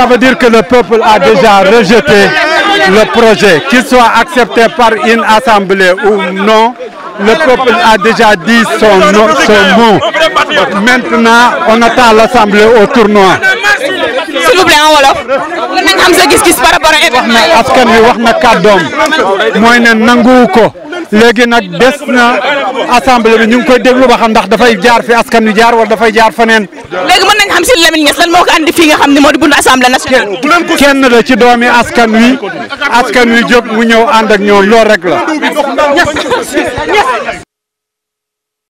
Ça veut dire que le peuple a déjà rejeté le projet. Qu'il soit accepté par une assemblée ou non, le peuple a déjà dit son, mot. Maintenant, on attend l'assemblée au tournoi. s'il wax na askan wi wax na kàddoom mooy ne ko. léegi nag des na assemblée bi ñu ngi koy déglu ba xam ndax dafay jaar fi askan wi jaar wala dafay jaar faneen. léegi mën nañ xam si Lamine Niass lan moo ko andi fii nga xam ne moo di buntu assemblée nationale. kenn la ci doomi askan wi askan wi jóg mu ñëw ànd ak ñoom loolu rek la.